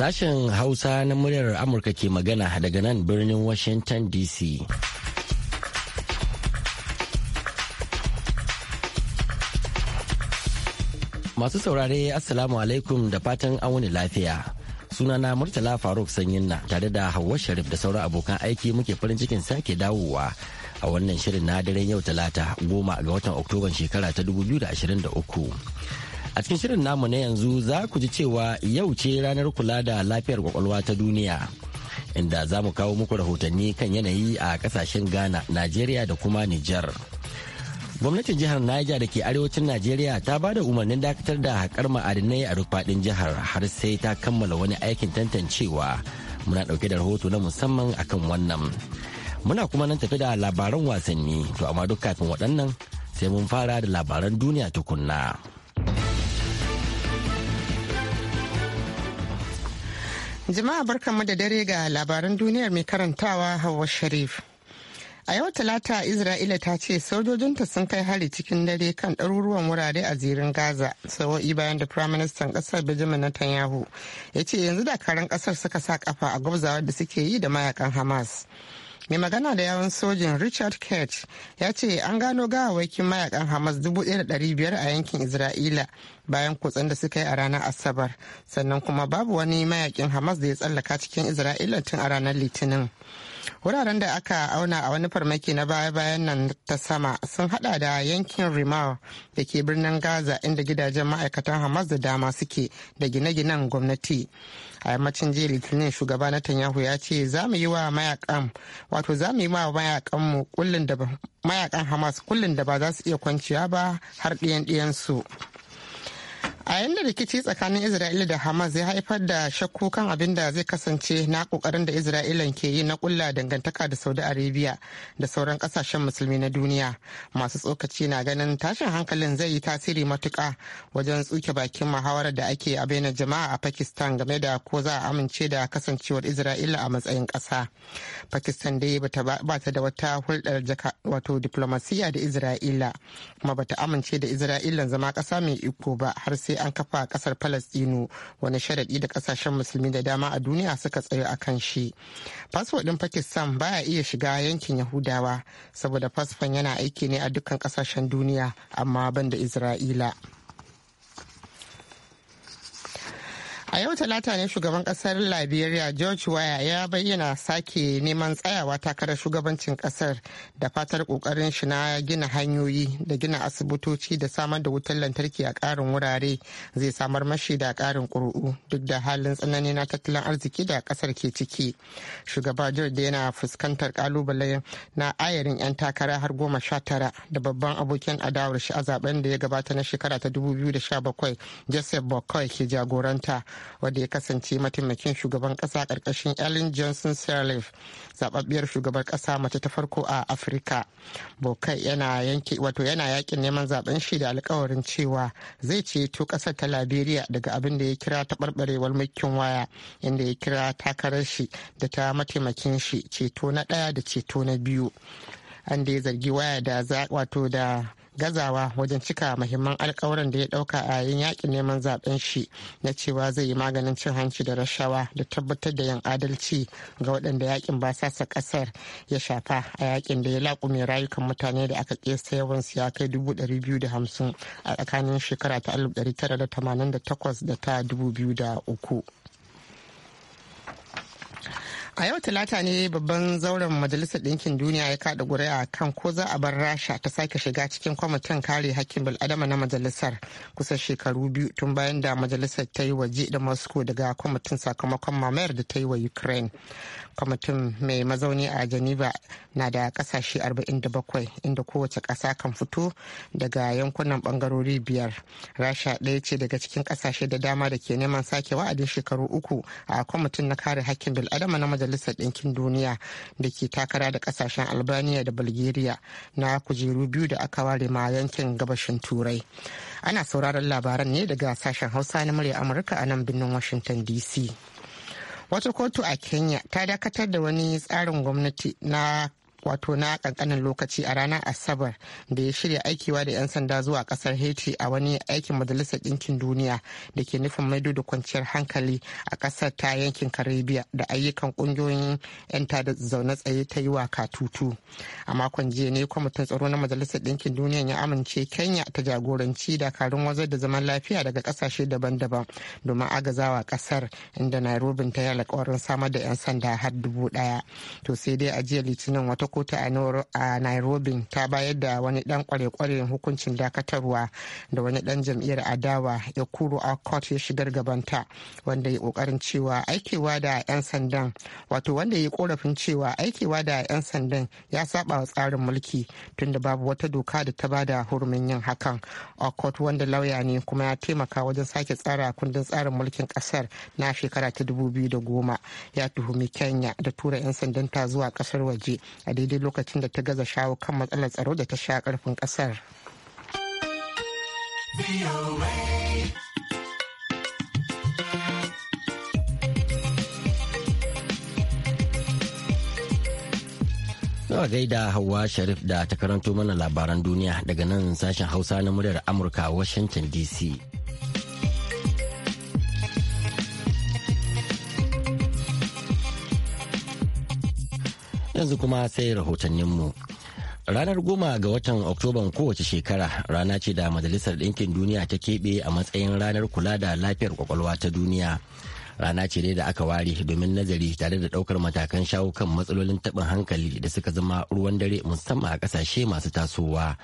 Sashen Hausa na muryar Amurka ke magana daga nan birnin Washington DC. Masu saurare Assalamu alaikum da fatan wuni lafiya. Sunana Murtala Faruk Sanyinna tare da hawa Sharif da sauran abokan aiki muke farin cikin sake dawowa a wannan shirin na daren yau talata goma ga watan Oktoban shekara ta 2023. A cikin shirin namu na yanzu za ku ji cewa yau ce ranar kula da lafiyar kwakwalwa ta duniya. Inda za mu kawo muku rahotanni kan yanayi a kasashen Ghana, Najeriya da kuma Nijar. Gwamnatin jihar Niger da ke arewacin Najeriya ta ba da umarnin dakatar da haƙar ma'adinai a duk faɗin jihar har sai ta kammala wani aikin tantancewa. Muna ɗauke da rahoto na musamman akan wannan. Muna kuma nan tafi da labaran wasanni, to amma duk kafin waɗannan sai mun fara da labaran duniya tukunna. Jama'a barkanmu da dare ga labaran duniyar mai karantawa Hauwa Sharif. A yau Talata Isra'ila ta ce sojojinta sun kai hari cikin dare kan ɗaruruwan wurare a zirin Gaza sawo'i bayan da Firaministan ƙasar Benjamin Netanyahu ya ce yanzu dakarun ƙasar suka sa kafa a gwabzawar da suke yi da mayakan Hamas. mai magana da yawan sojin richard kech ya ce an gano gawawwakin mayakan hamas 1,500 a yankin isra'ila bayan kutsen da suka yi a ranar asabar sannan kuma babu wani mayakin hamas da ya tsallaka cikin isra'ila tun a ranar litinin wuraren da aka auna a wani farmaki na baya-bayan nan ta sama sun hada da yankin rimau da ke birnin gaza inda gidajen ma'aikatan hamas da dama suke da gine-ginen gwamnati a yammacin jiya litinin shugaba na tanyahu ya ce za mu yi wa mayakan wato za mu yi wa mayakan hamas kullum da ba za su iya kwanciya ba har ɗiyan ɗiyansu. a yanda rikici tsakanin isra'ila da hamas ya haifar da shakku kan abin da zai kasance na kokarin da isra'ila ke yi na kulla dangantaka da saudi arabia da sauran kasashen musulmi na duniya masu tsokaci na ganin tashin hankalin zai yi tasiri matuka wajen tsuke bakin muhawarar da ake a bainar jama'a a pakistan game da ko za a amince da kasancewar isra'ila a matsayin kasa pakistan dai bata bata da wata hulɗar wato diplomasiya da isra'ila kuma ba amince da isra'ila zama kasa mai iko ba har sai sai an kafa a kasar palestino wani sharaɗi da kasashen musulmi da dama a duniya suka tsayo a kan shi fasfo ɗin pakistan baya iya shiga yankin yahudawa saboda fasfon yana aiki ne a dukkan kasashen duniya amma ban da isra'ila A yau talata ne shugaban kasar Liberia George Waya ya bayyana sake neman tsayawa takarar shugabancin kasar da fatar kokarin shi na gina hanyoyi da gina asibitoci da samar da wutar lantarki a karin wurare zai samar mashi da karin ƙuri'u duk da halin tsanani na tattalin arziki da kasar ke ciki. Shugaba George da yana fuskantar kalubale na ayarin 'yan takara har goma sha tara da babban abokin adawar shi a zaben da ya gabata na shekara ta 2017 Joseph Bokoy ke jagoranta. wanda ya kasance mataimakin shugaban kasa karkashin ellen johnson sirleaf zababbiyar shugaban kasa mace ta farko a afirka bokai yana yanke wato yana yakin neman zaben shi da alkawarin cewa zai ceto kasar ta liberia daga abin da ya kira taɓarɓarewar mulkin waya inda ya kira takarar shi da ta mataimakin shi ceto na ɗaya da ceto na biyu an da ya zargi waya da wato da gazawa wajen cika mahimman alkawuran da ya dauka a yin yakin neman zaben shi na cewa zai yi maganin cin hanci da rashawa da tabbatar da yin adalci ga waɗanda yakin basasa kasar ya shafa a yakin da ya laƙume rayukan mutane da aka kesa yawan su ya kai dubu ɗari biyu da hamsin a tsakanin shekara ta alif ɗari tara da tamanin da takwas da ta dubu biyu da uku. a yau talata ne babban zauren majalisar ɗinkin duniya ya kaɗa ƙuri'a kan ko za a bar rasha ta sake shiga cikin kwamitin kare hakkin bil'adama na majalisar kusa shekaru biyu tun bayan da majalisar ta yi waje da moscow daga kwamitin sakamakon mamayar da ta yi wa ukraine kwamitin mai mazauni a geneva na da kasashe 47 inda kowace ƙasa kan fito daga yankunan bangarori biyar rasha ɗaya ce daga cikin kasashe da dama da ke neman sake wa'adin shekaru uku a kwamitin na kare hakkin bil'adama na majalisar ɗinkin duniya da ke takara da ƙasashen albania da bulgaria na kujeru biyu da aka ware ma yankin gabashin turai ana sauraron labaran ne daga sashen hausa na murya amurka a nan birnin washington dc wata kotu a kenya ta dakatar da wani tsarin gwamnati na wato na kankanin lokaci a ranar asabar da ya shirya aikiwa da 'yan sanda zuwa kasar haiti a wani aikin majalisar ɗinkin duniya da ke nufin maido da kwanciyar hankali a kasar ta yankin karibiya da ayyukan ƙungiyoyin 'yan da zaune tsaye ta yi wa katutu a makon jiya ne kwamitin tsaro na majalisar ɗinkin duniya ya amince kenya ta jagoranci dakarun wazar da zaman lafiya daga kasashe daban-daban domin agazawa kasar inda nairobi ta yi alkawarin samar da 'yan sanda har dubu ɗaya to sai dai a jiya litinin wata Sokoto a nairobi ta bayar da wani dan kware-kware hukuncin dakatarwa da wani dan jam'iyyar adawa ya kuro a court ya shigar gabanta wanda ya kokarin cewa aikewa da 'yan sandan wato wanda ya korafin cewa aikewa da 'yan sandan ya saba wa tsarin mulki tunda babu wata doka da ta bada hurumin yin hakan court wanda lauya ne kuma ya taimaka wajen sake tsara kundin tsarin mulkin kasar na shekara ta 2010 ya tuhumi kenya da tura 'yan ta zuwa kasar waje a daidai lokacin da ta gaza shawo kan matsalar tsaro da ta sha karfin kasar. Nawa gaida Hauwa Sharif da ta karanto mana labaran duniya daga nan sashen Hausa na muryar Amurka Washington DC. yanzu kuma sai rahotanninmu ranar goma ga watan oktoban kowace shekara rana ce da majalisar ɗinkin duniya ta keɓe a matsayin ranar kula da lafiyar kwakwalwa ta duniya rana ce dai da aka ware domin nazari tare da ɗaukar matakan shawo kan matsalolin taɓin hankali da suka zama ruwan dare musamman a ƙasashe masu tasowa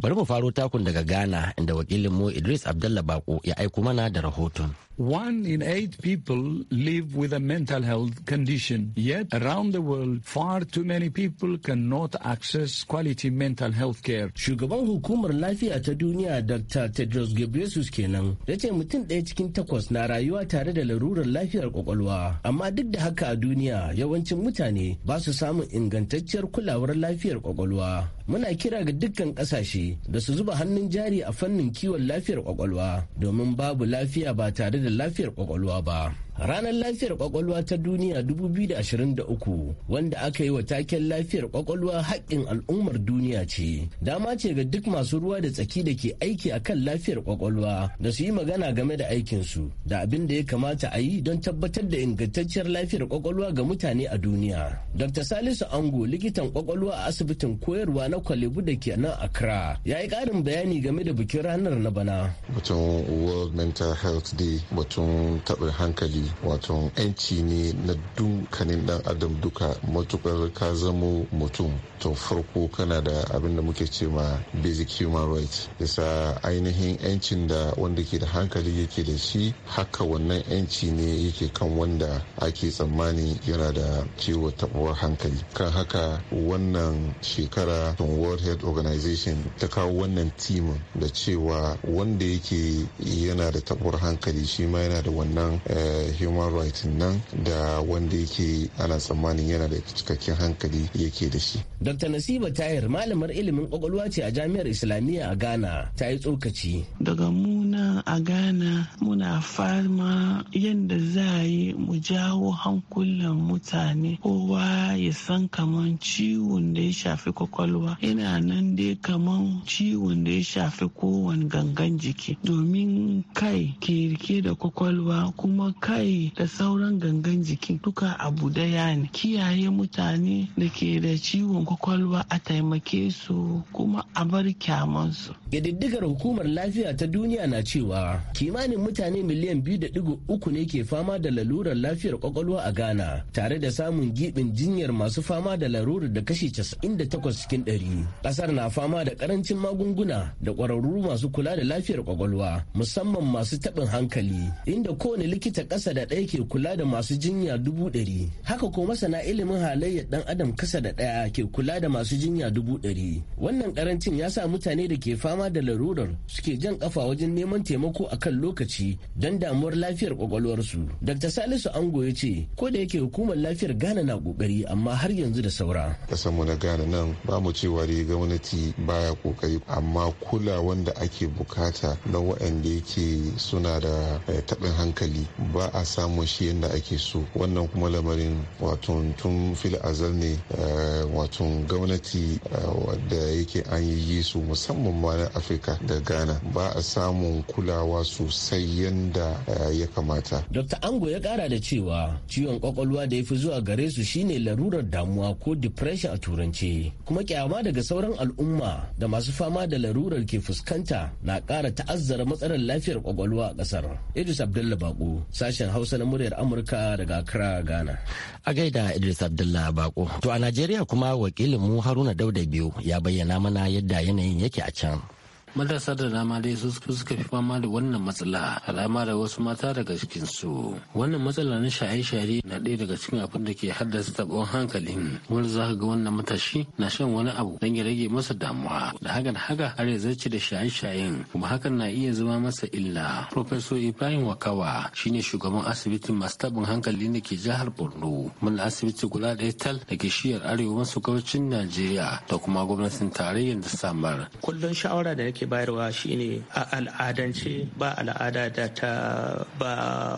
bari mu faro takun daga ghana inda wakilin mu idris abdallah bako ya aiko mana da rahoton One in eight people live with a mental health condition. Yet, around the world, far too many people cannot access quality mental health care. Shugaban hukumar lafiya ta duniya Dr. Tedros Ghebreyesus kenan ya ce mutum ɗaya cikin takwas na rayuwa tare da larurar lafiyar kwakwalwa. Amma duk da haka a duniya yawancin mutane ba su samun ingantacciyar kulawar lafiyar kwakwalwa. Muna kira ga dukkan ƙasashe da su zuba hannun jari a fannin kiwon lafiyar kwakwalwa domin babu lafiya ba tare da fannin lafiyar kwakwalwa ba Ranar lafiyar kwakwalwa ta duniya 2023 wanda aka yi wa taken lafiyar kwakwalwa haƙƙin al'ummar duniya ce. Dama ce ga duk masu ruwa da tsaki da ke aiki a kan lafiyar kwakwalwa da su yi magana game da aikinsu da abin da ya kamata a yi don tabbatar da ingantacciyar lafiyar kwakwalwa ga mutane a duniya. Dr. Salisu Ango likitan kwakwalwa a asibitin koyarwa na Kwalebu da ke nan Accra ya yi ƙarin bayani game da bikin ranar na bana. Batun World Mental Health Day batun taɓin hankali wato yanci ne na dukkanin dan adam duka matukar ka zamo mutum to farko kana da abin da muke ce ma basic human rights yasa ainihin yancin da wanda ke da hankali yake da shi haka wannan yanci ne yake kan wanda ake tsammani yana da ciwo tabuwar hankali kan haka wannan shekara world health organization ta kawo wannan team da cewa wanda yake yana da tabuwar hankali shi ma yana da wannan eh, human rights nan da wanda yake ana tsammanin yana da cikakken hankali yake da shi. Dr. Nasiba Tahir malamar ilimin kwakwalwa ce a jami'ar Islamiyya a Ghana ta yi tsokaci. Daga muna a Ghana muna farma yadda za a yi mu jawo hankulan mutane kowa ya san kaman ciwon da ya shafi kwakwalwa yana nan dai kaman ciwon da ya shafi kowane gangan jiki domin kai ke rike da kwakwalwa kuma kai kai da sauran gangan jikin duka abu daya ne kiyaye mutane da ke da ciwon kwakwalwa a taimake su kuma a bar kyamansu ƙididdigar hukumar lafiya ta duniya na cewa kimanin mutane miliyan biyu da digo uku ne ke fama da lalurar lafiyar kwakwalwa a ghana tare da samun gibin jinyar masu fama da larurar da kashi takwas cikin ɗari ƙasar na fama da ƙarancin magunguna da ƙwararru masu kula da lafiyar kwakwalwa musamman masu taɓin hankali inda kowane likita ƙasa da ɗaya ke kula da masu jinya dubu ɗari haka ko masana ilimin halayyar ɗan adam kasa da ɗaya ke kula da masu jinya dubu ɗari wannan ƙarancin ya sa mutane da ke fama da larurar suke jan kafa wajen neman taimako a kan lokaci don damuwar lafiyar kwakwalwarsu dr salisu ango ya ce ko da yake hukumar lafiyar ghana na kokari amma har yanzu da saura kasanmu na ghana nan ba mu cewa dai gwamnati baya kokari amma kula wanda ake bukata na waɗanda yake suna da eh, taɓin hankali ba a a samu shi yadda ake so wannan kuma lamarin wato tun fil azal ne eh, wato gwamnati eh, da yake an yi su musamman ma na afirka da ghana ba a samun kulawa sosai yadda eh, ya kamata dr ango ya kara da cewa ciwon kwakwalwa da ya fi zuwa gare su shine larurar damuwa ko depression a turance kuma kyama daga sauran al'umma da masu fama da larurar ke fuskanta na kara ta'azzara matsalar lafiyar kwakwalwa a kasar idris abdullahi bako sashen Hausa na muryar Amurka daga Accra, Ghana. A gaida Idris Abdullah Bako. To a Najeriya kuma wakilinmu Haruna Dauda biyu ya bayyana mana yadda yanayin yake a can. matasa da dama dai su suka fi fama da wannan matsala alama da wasu mata daga cikin su wannan matsala na shaye-shaye na ɗaya daga cikin abin da ke haddasa tabon hankalin wanda za ka ga wannan matashi na shan wani abu don ya rage masa damuwa da haka-da haka har ya zarce da shaye-shayen kuma hakan na iya zama masa illa professor ibrahim wakawa shine shugaban asibitin masu taɓin hankali da ke jihar borno mana asibitin guda da tal da ke shiyar arewa maso gabacin najeriya da kuma gwamnatin tarayyar da samar kullum shawara da yake ake bayarwa shine a al'adance ba al'ada da ta ba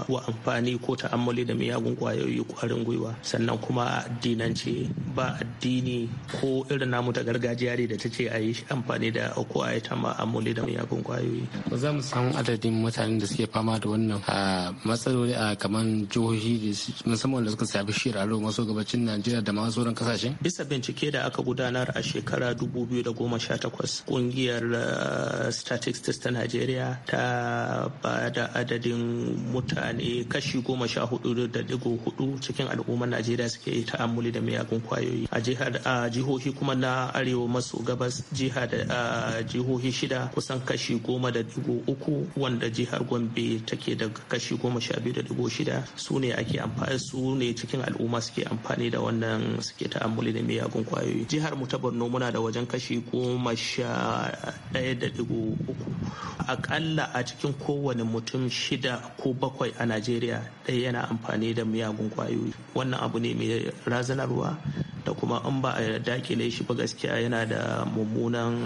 wa amfani ko ta ta'ammali da miyagun kwayoyi kwarin gwiwa sannan kuma a addinance ba addini ko irin namu ta gargajiya ne da ta ce a yi amfani da ko a yi ta'ammali da miyagun kwayoyi. ba za mu samu adadin mutanen da suke fama da wannan matsaloli a kamar jihohi musamman da suka shafi shirarru maso gabacin najeriya da masu sauran kasashen. bisa bincike da aka gudanar a shekara 2018 kungiyar statistics ta najeriya ta ba da adadin mutane kashi goma sha hudu da digo hudu cikin al'ummar najeriya suke ta'ammuli da miyagun kwayoyi a jihar a jihohi kuma na arewa maso gabas jiha da jihohi shida kusan kashi goma da digo uku wanda jihar gombe take da kashi goma sha biyu da digo shida su ne ake amfani su ne cikin al'umma suke amfani da wannan suke ta'ammuli da miyagun kwayoyi jihar mu ta borno muna da wajen kashi goma sha ɗaya da uku akalla a cikin kowane mutum shida ko bakwai a najeriya ɗaya yana amfani da miyagun kwayoyi wannan abu ne mai razanarwa da kuma an ba a dakile shi ba gaskiya yana da mummunan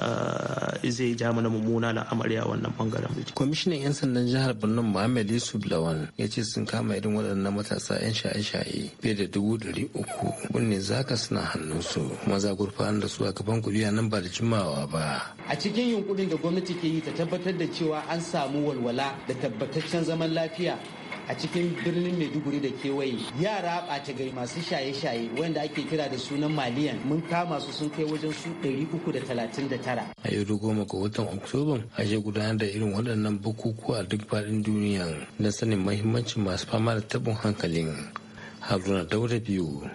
eh, zai ja mana mummuna al'amari a wannan bangaren. kwamishinan 'yan sandan jihar birnin muhammad yusuf lawan ya ce sun kama irin waɗannan matasa 'yan shaye-shaye fiye da dubu ɗari uku kunne zaka suna hannunsu maza gurfanar da su a gaban kuliya nan ba da jimawa ba. a cikin yunkurin da gwamnati ke yi ta tabbatar da cewa an samu walwala da tabbataccen zaman lafiya a cikin birnin maiduguri da kewaye yara ɓata gari masu shaye-shaye wanda ake kira da sunan maliyan mun kama su sun kai wajen su 339 a yau goma ga watan oktoban ake gudanar da irin waɗannan bukukuwa a duk faɗin duniya na sanin mahimmancin masu fama da tabin hankalin haruna daura biyu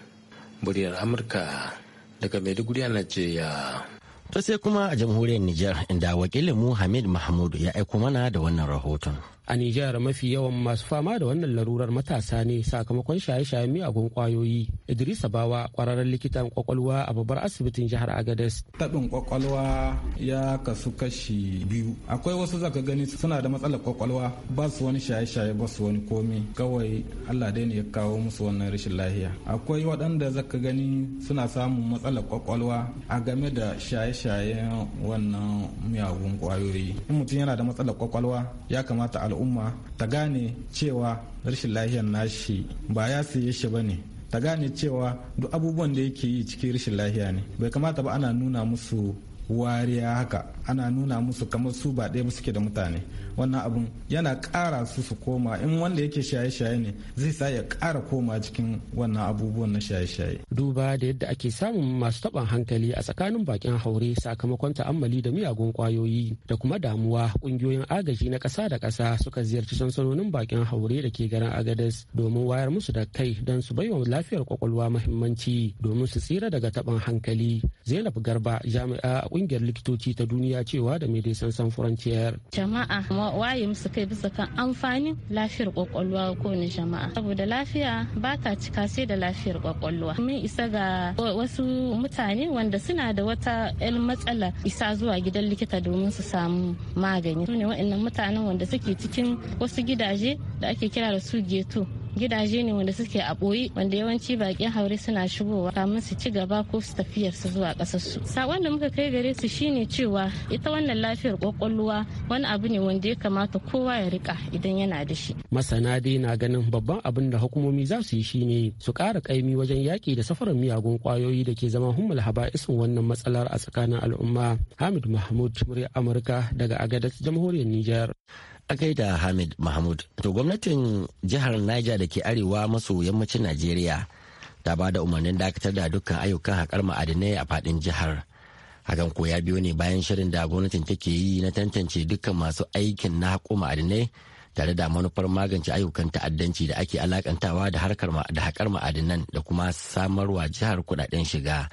muryar amurka daga maiduguri a najeriya To sai kuma a jamhuriyar Nijar inda mu Hamid mahmud ya aiko mana da wannan rahoton. A Nijar mafi yawan masu fama da wannan larurar matasa ne sakamakon shaye-shayen miyagun kwayoyi. idris Bawa kwararren likitan kwakwalwa a babbar asibitin jihar Agadez. Tabin kwakwalwa ya kasu kashi biyu. Akwai wasu zaka gani suna da matsalar kwakwalwa ba su wani shaye-shaye ba su wani komi kawai Allah dai ne ya kawo musu wannan rashin lahiya. Akwai waɗanda zaka gani suna samun matsalar kwakwalwa a game da shaye shaye-shayen wannan miyagun kwayoyi in mutum yana da matsalar kwakwalwa ya kamata al'umma ta gane cewa rashin lahiyar nashi ba ya siye shi ba ne ta gane cewa duk abubuwan da yake yi cikin rashin lahiya ne bai kamata ba ana nuna musu wariya haka ana nuna musu kamar su ba ɗaya ba suke da mutane wannan abun yana ƙara su su koma in wanda yake shaye-shaye ne zai sa ya ƙara koma cikin wannan abubuwan na shaye-shaye. Duba da yadda ake samun masu taɓin hankali a tsakanin bakin haure sakamakon ta'ammali da miyagun kwayoyi da kuma damuwa ƙungiyoyin agaji na ƙasa da ƙasa suka ziyarci sansanonin bakin haure da ke garin Agadez domin wayar musu da kai don su baiwa lafiyar kwakwalwa muhimmanci domin su tsira daga taɓin hankali. Zainab Garba jami'a a ƙungiyar likitoci ta duniya cewa da mai dai sansan Frontier. Jama'a waye musu kai bisa kan amfanin lafiyar kwakwalwa ko jama'a saboda lafiya ba ta cika sai da lafiyar kwakwalwa mun isa ga wasu mutane wanda suna da wata yan matsala isa zuwa gidan likita domin su samu magani su ne waɗannan mutanen wanda suke cikin wasu gidaje da ake kira da su geto gidaje ne wanda suke a boyi wanda yawanci bakin haure suna shigowa kamun su ci gaba ko su tafiyar su zuwa ƙasarsu sakon da muka kai gare su shine cewa ita wannan lafiyar kwakwalwa wani abu ne wanda ya kamata kowa ya rika idan yana da shi masana dai na ganin babban abin da hukumomi za su yi shine su kara kaimi wajen yaƙi da safarin miyagun kwayoyi da ke zama hummul haba'isin wannan matsalar a tsakanin al'umma hamid mahmud murya amurka daga agadas jamhuriyar niger Akai da hamid mahmud to gwamnatin jihar niger da ke arewa maso yammacin najeriya ta ba da umarnin dakatar da dukkan ayyukan haƙar ma'adinai a faɗin jihar hakan ko ya biyo ne bayan shirin da gwamnatin take yi na tantance dukkan masu aikin na haƙo ma'adinai tare da manufar magance ayyukan ta'addanci da ake alakantawa da harkar da haƙar ma'adinan da kuma samarwa jihar kudaden shiga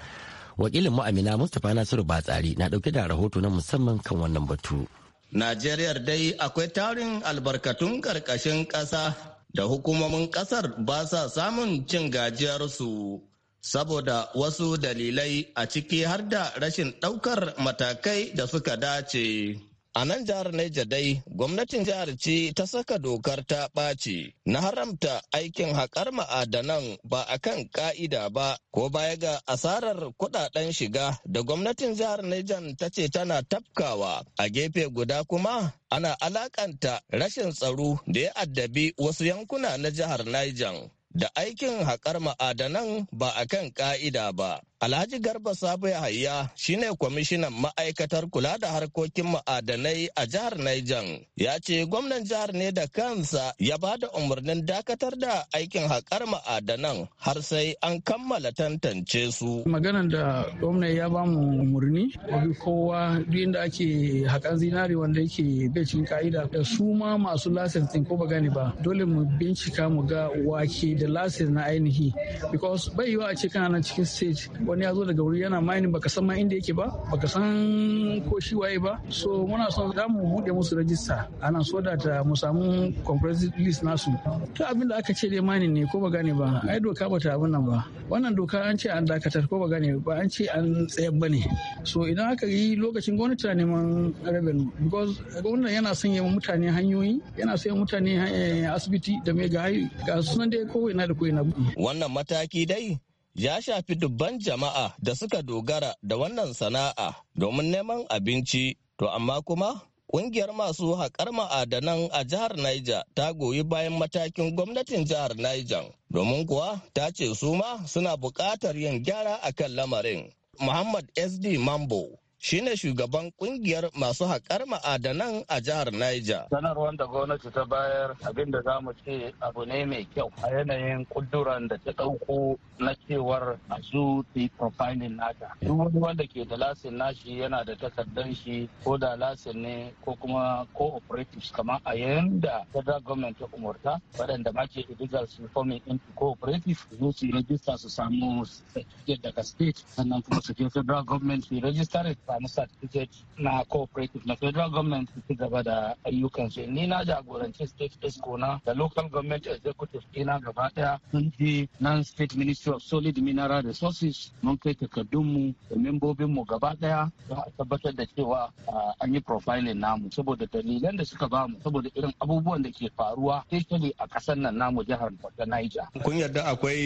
wakilin mu'amina mustapha nasiru batsari na ɗauke da rahoto na musamman kan wannan batu. Najeriya dai akwai tarin albarkatun ƙarƙashin ƙasa da hukumomin ƙasar ba sa samun cin gajiyarsu saboda wasu dalilai a ciki har da rashin ɗaukar matakai da suka dace. A nan jihar Neja dai, gwamnatin jihar ce ta saka dokar ta ɓaci na haramta aikin haƙar ma'adanan ba a kan ƙa'ida ba, ko baya ga asarar kuɗaɗen shiga da gwamnatin jihar Nejan ta ce tana tafkawa. A gefe guda kuma ana alaƙanta rashin tsaro da ya addabi wasu yankuna na jihar Niger. da aikin haƙar ma'adanan ba a kan ƙa'ida ba. Alhaji Garba Sabo Yahaya shine kwamishinan ma'aikatar kula da harkokin ma'adanai a jihar Niger. Ya ce gwamnan jihar ne da kansa ya ba da umarnin dakatar da aikin haƙar ma'adanan har sai an kammala tantance su. Maganar da gwamnan ya ba mu umarni, kowa duk inda ake haƙar zinari wanda yake bai cikin ka'ida da su ma masu lasins ɗin ko ba gani ba dole mu bincika mu ga wake da lasin na ainihi because bai yiwa a ce kana cikin stage wani ya zo daga wuri yana mining baka san ma inda yake ba baka san ko shi waye ba so muna son za mu bude musu rajista ana so da ta mu samu comprehensive list nasu to abin da aka ce dai mining ne ko ba gane ba ai doka bata abin nan ba wannan doka an ce an dakatar ko ba gane ba an ce an tsayar bane so idan aka yi lokacin gwamnati na neman revenue because gwamnati yana sanya mutane hanyoyi yana sanya mutane eh, asibiti da mai ga sunan dai ko na da ko ina wannan mataki dai ya shafi dubban jama'a da suka dogara da wannan sana'a domin neman abinci to amma kuma Ƙungiyar masu haƙar ma'adanan a jihar Niger ta goyi bayan matakin gwamnatin jihar Niger domin kuwa ta ce su ma suna buƙatar yin gyara a kan lamarin. Muhammad SD Mambo shine shugaban kungiyar masu haƙar ma'adanan a jihar Niger. Sanarwar da gwamnati ta bayar abin da za mu ce abu ne mai kyau a yanayin kuduran da ta ɗauko na cewar a su profiling nata. Duk wani wanda ke da lasin nashi yana da takardar shi ko da lasin ne ko kuma cooperatives kamar a da federal government ta umarta waɗanda ma ke illegal su forming into cooperatives su su register su samu certificate daga state sannan kuma su je federal government su register it samu certificate na cooperative na federal government su ci gaba da ayyukansu ni na jagoranci state esco na da local government executive ɗina gaba ɗaya sun je nan state ministry of solid mineral resources mun kai takardunmu da membobinmu gaba ɗaya don a tabbatar da cewa ah, an yi profiling namu saboda dalilan da suka bamu saboda irin abubuwan da ke faruwa especially a kasar nan namu jihar Borno Niger. Kun yarda akwai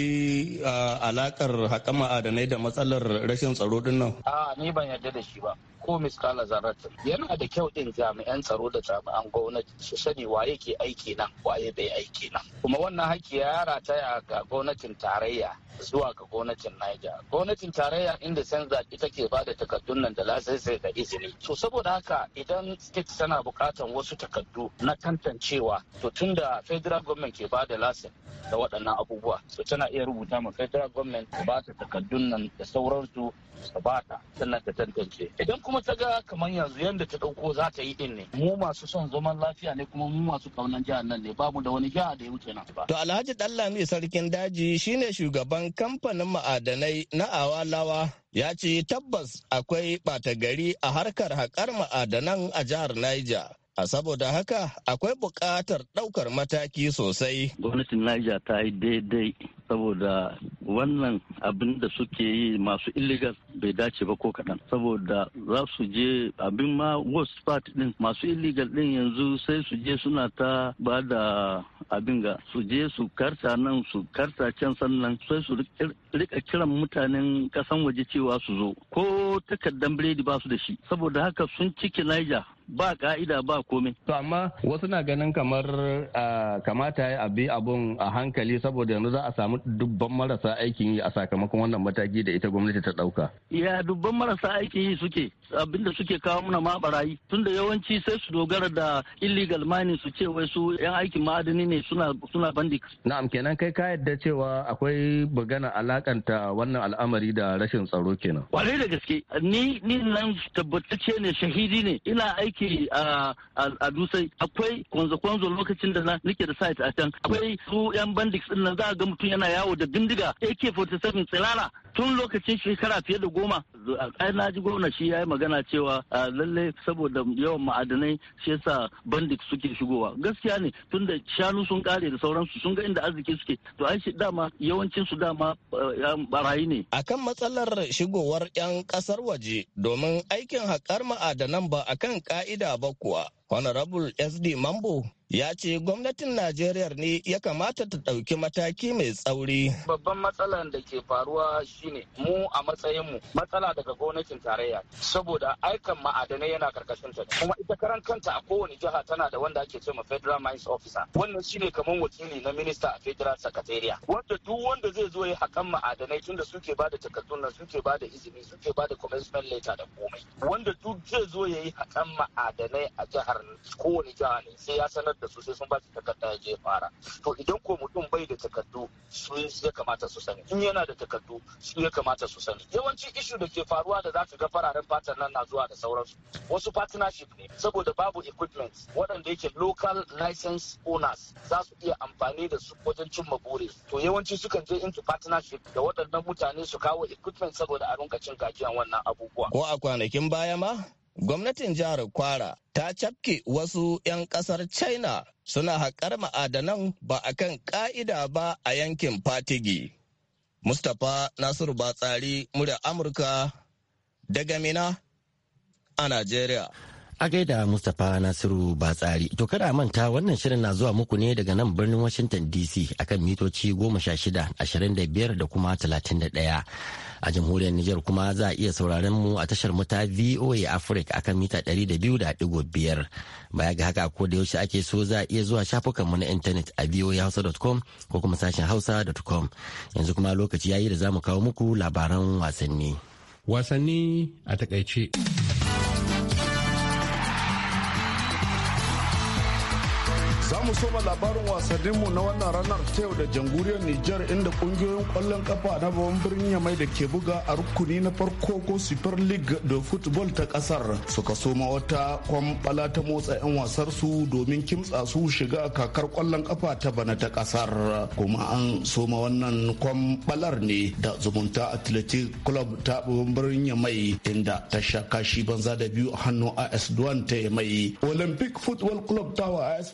ah, alakar haƙa ma'adanai da matsalar rashin tsaro din nan? A ah, ni ban yarda da shi aiki ba ko miskala zarat yana da kyau din jami'an tsaro da jami'an gwamnati su sani waye ke aiki nan waye bai aiki nan kuma wannan haƙƙi ya rataya ga gwamnatin tarayya zuwa ga gwamnatin Niger gwamnatin tarayya inda senza ita ke ba da takardun nan da lasisi da izini to saboda haka idan state tana buƙatar wasu takardu na tantancewa to tunda federal government ke ba da lasin da waɗannan abubuwa to tana iya rubuta ma federal government ba ta takardun nan da sauransu ta ba ta sannan ta tantance idan kuma ta ga kamar yanzu yadda ta ɗauko za ta yi din ne mu masu son zaman lafiya ne kuma mu masu ƙaunar jihar nan ne babu da wani jiha da ya wuce nan ba. To Alhaji Dallami Sarkin Daji shine shugaban kamfanin ma'adanai na Awalawa ya ce tabbas akwai ɓata gari a harkar haƙar ma'adanan a jihar Niger. a saboda haka akwai buƙatar ɗaukar mataki sosai. Gwamnatin Niger ta yi daidai saboda wannan abin da suke yi masu illegal bai dace ba ko kaɗan saboda za su je abin ma worst part din masu illegal din yanzu sai su je suna ta ba da abin ga su je su karta nan su karta can sannan sai su rika kiran mutanen ƙasan waje cewa su zo ko takardan biredi ba su da shi saboda haka sun ciki Niger ba ka'ida ba komai. To amma wasu na ganin kamar ah, kamata ya abi abun a hankali saboda yanzu za a samu dubban marasa aikin yi a sakamakon wannan mataki da ita gwamnati ta dauka ya dubban marasa aikin yi suke abinda suke kawo muna ma barayi tunda yawanci sai su dogara da illegal mining su ce wai su yan aikin ma'adani ne suna suna bandit na'am kenan kai ka yadda cewa akwai bagana alakanta wannan al'amari da rashin tsaro kenan kwarai da gaske ni ni nan tabbatacce ne shahidi ne ina aiki a a dusai akwai kwanzo-kwanzo lokacin da na nake da site a can akwai su yan bandits din nan za ga mutum yana yana yawo da bindiga AK47 tsirara tun lokacin shekara fiye da goma ai na ji gwamna shi ya yi magana cewa lalle saboda yawan ma'adanai shi yasa bandit suke shigowa gaskiya ne tun da shanu sun kare da sauransu sun ga inda arziki suke to ai shi dama yawancin su dama eh, barayi ne akan matsalar shigowar yan kasar waje domin aikin haƙar ma'adanan ba akan ka'ida ba kuwa honorable sd mambo ya ce gwamnatin najeriya ne ya kamata ta ɗauki mataki mai tsauri babban matsalar da ke faruwa shine mu a matsayinmu matsala daga gwamnatin tarayya saboda aikan ma'adanai yana karkashin ta kuma ita karan kanta a kowane jiha tana da wanda ake cewa federal mines officer wannan shine kamar wakili na minista a federal secretariat wanda duk wanda zai zo ya hakan ma'adanai tunda suke ba da takardun nan suke ba da izini suke ba da commencement letter da komai wanda duk zai zo ya yi hakan ma'adanai a jihar jihar kowane jihar ne sai ya sanar da su sai sun ba su takarda ya je fara to idan ko mutum bai da takardu su ya kamata su sani in yana da takardu su ya kamata su sani yawanci ishu da ke faruwa da za ka ga fararen fatan nan na zuwa da sauransu wasu partnership ne saboda babu equipment waɗanda yake local license owners za su iya amfani da su wajen cimma buri, to yawanci sukan je into partnership da waɗannan mutane su kawo equipment saboda a rinka cin gajiyan wannan abubuwa ko a kwanakin baya ma Gwamnatin jihar Kwara ta cafke wasu 'yan kasar China suna haƙar ma'adanan ba a kan ƙa'ida ba a yankin Fatigi. Mustapha Nasiru Batsari, murya Amurka, daga Mina a Najeriya. A gaida Mustapha Nasiru Batsari. To kada manta wannan shirin na zuwa muku ne daga nan birnin Washington DC akan mitoci goma sha shida, ashirin da biyar da kuma talatin da ɗaya. A jamhuriyar Nijar kuma za a iya sauraron mu a tashar muta VOA Africa akan mita ɗari da biyu da ɗigo biyar. Baya ga haka ko da yaushe ake so za a iya zuwa shafukanmu na intanet a voahausa.com ko kuma sashen hausa.com. Yanzu kuma lokaci ya yi da za mu kawo muku labaran wasanni. Wasanni a takaice. Za mu soma labarin wasanninmu na wannan ranar ta yau da jamhuriyar Nijar inda kungiyoyin kwallon kafa na babban birnin Yamai da ke buga a rukuni na farko ko Super League da football ta kasar suka soma wata kwamfala ta motsa 'yan wasar su domin kimtsa su shiga kakar kwallon kafa ta bana ta kasar kuma an soma wannan kwamfalar ne da zumunta Athletic Club ta babban birnin Yamai inda ta sha kashi banza da biyu a hannun AS Duan ta Yamai. Olympic Football Club ta wa AS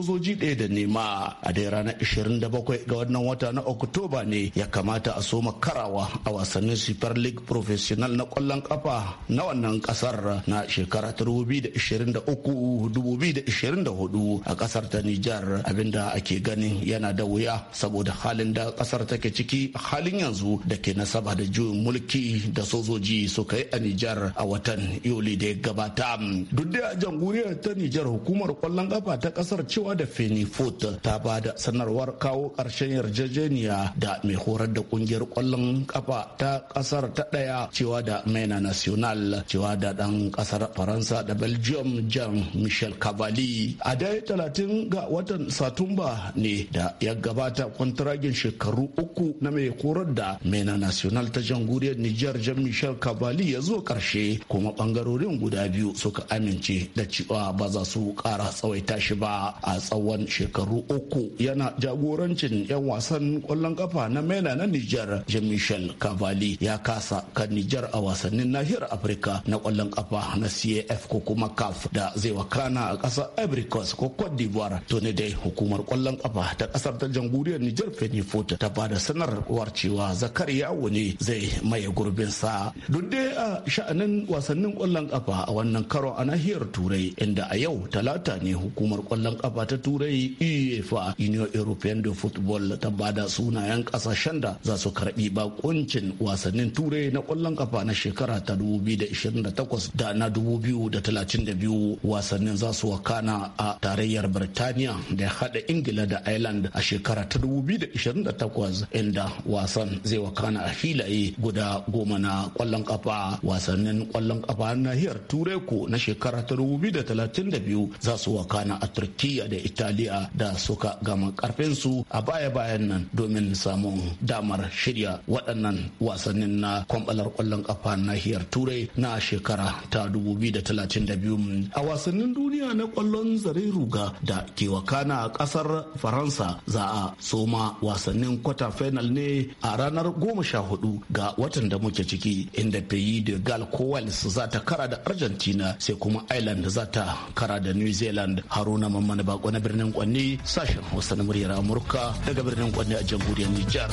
sojoji ɗaya da nema a dai ranar 27 ga wannan wata na oktoba ne ya kamata a soma karawa a wasannin super league professional na kwallon kafa na wannan kasar na shekara 2023-2024 a kasar ta nijar abinda ake ganin yana da wuya saboda halin da kasar take ciki halin yanzu da ke nasaba da juyin mulki da sojoji suka yi a nijar a watan yuli da ya gabata duk da jamhuriyar ta nijar hukumar kwallon kafa ta kasar cewa Cewa da Foot ta ba da sanarwar kawo ƙarshen yarjejeniya da mai horar da kungiyar ƙwallon ƙafa ta ƙasar ta ɗaya cewa da maina national cewa da ɗan ƙasar faransa da belgium jean michel cavalli a dai talatin ga watan satumba ne da ya gabata kwantaragin shekaru uku na mai horar da maina national ta jamhuriyar nijar jean michel cavalli ya zo ƙarshe kuma ɓangarorin guda biyu suka amince da cewa ba za su ƙara tsawaita shi ba a a tsawon shekaru uku yana jagorancin 'yan wasan kwallon kafa na mena na Nijar jean kavali ya kasa kan Nijar a wasannin nahiyar Afirka na kwallon kafa na CAF ko kuma CAF da zai wakana a ƙasar Ivory Coast ko Cote d'Ivoire to ne dai hukumar kwallon kafa ta ƙasar ta jamhuriyar Nijar Fenifot ta ba da sanarwar cewa Zakari Yawo ne zai maye gurbin sa duk dai a sha'anin wasannin kwallon kafa a wannan karo a nahiyar Turai inda a yau talata ne hukumar kwallon kafa ba ta turai uefa union european de football ta bada sunayen kasashen da za su karbi bakuncin wasannin turai na kwallon kafa na shekara ta 2028 da na 2032 wasannin za su wakana a tarayyar birtaniya da hada ingila da ireland a shekara ta 2028 inda wasan zai wakana a filaye guda goma na kwallon kafa wasannin kwallon kafa nahiyar turai ko na shekara ta 2032 za su wakana a turkiya da italiya da suka gama karfinsu a baya-bayan nan domin samun damar shirya waɗannan wasannin na kwambalar kwallon kafa nahiyar turai na shekara ta 2032 a wasannin duniya na kwallon zare ruga da ke wakana a ƙasar faransa za a soma wasannin kwata final ne a ranar 14 ga watan da muke ciki inda peyi de gal kowals za ta kara da argentina sai kuma island za ta kara da new zealand haruna mamman sako na birnin kwanni sashen hausa na muryar amurka daga birnin kwanni a jamhuriyar nijar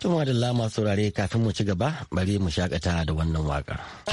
tumadala masu rare saurare kafin mu ci gaba bari mu shakata da wannan waƙar.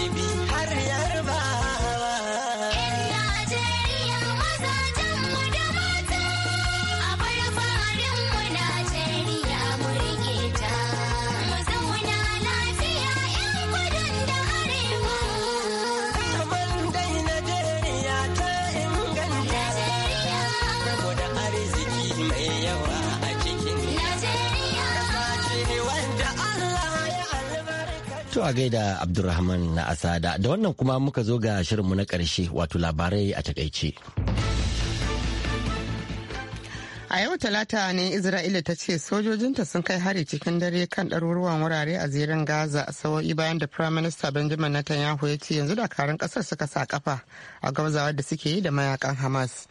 You. a gaida Abdulrahman na Asada da wannan kuma muka zo ga shirinmu na karshe wato labarai a takaice. A yau talata ne Isra'ila ta ce sojojinta sun kai hari cikin dare kan ɗaruruwan wurare a zirin Gaza a sawo'i bayan da Prime Minister Benjamin Netanyahu ya ce yanzu dakarun ƙasar suka sa kafa a gauzawar da suke yi da mayakan Hamas.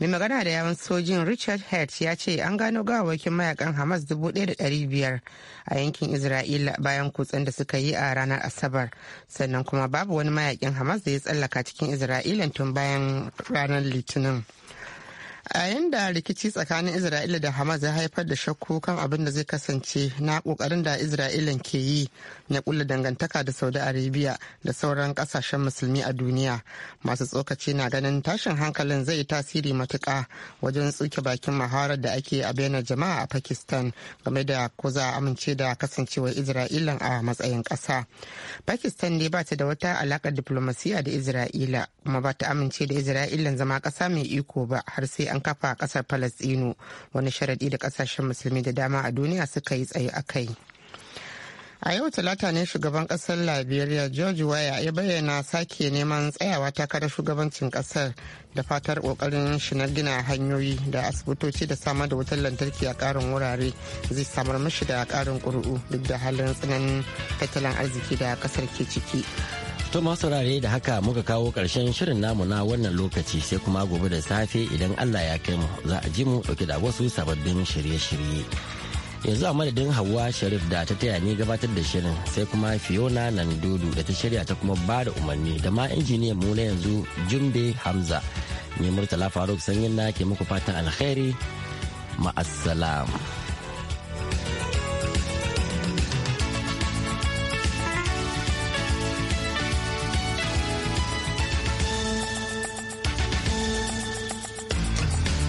mai magana da yawan sojin richard hart ya ce an gano gawawakin mayakan hamas 1,500 a yankin isra'ila bayan kutsen da suka yi a ranar asabar sannan kuma babu wani mayakin hamas da ya tsallaka cikin israila tun bayan ranar litinin a yayin da rikici tsakanin isra'ila da hamas ya haifar da shakku kan abin da zai kasance na kokarin da isra'ila ke yi na kulla dangantaka da saudi arabia da sauran kasashen musulmi a duniya masu tsokaci na ganin tashin hankalin zai yi tasiri matuka wajen tsuke bakin maharar da ake a bainar jama'a a pakistan game da ko za a amince da kasancewar isra'ila a matsayin kasa pakistan ne ba ta da wata alakar diplomasiya da isra'ila kuma ba ta amince da isra'ila zama kasa mai iko ba har sai an kafa a kasar palestino wani sharadi da kasashen musulmi da dama a duniya suka yi tsaye a kai a yau talata ne shugaban kasar liberia george waya ya bayyana sake neman tsayawa takarar shugabancin kasar da fatar kokarin shi na gina hanyoyi da asibitoci da samar da wutar lantarki a karin wurare zai samar mashi da karin kuru'u duk da halin tsananin tattalin arziki da kasar ke ciki To masu saurare da haka muka kawo ƙarshen shirin namu na wannan lokaci sai kuma gobe da safe idan Allah ya kai mu za a ji mu ɗauke da wasu sababbin shirye-shirye. Yanzu a madadin Hauwa Sharif da ta taya ni gabatar da shirin sai kuma Fiona dudu da ta shirya ta kuma ba da umarni da ma injiniyan mu na yanzu Jumbe Hamza. ne Murtala Faruk Sanyin na ke muku fatan alkhairi ma'assalam.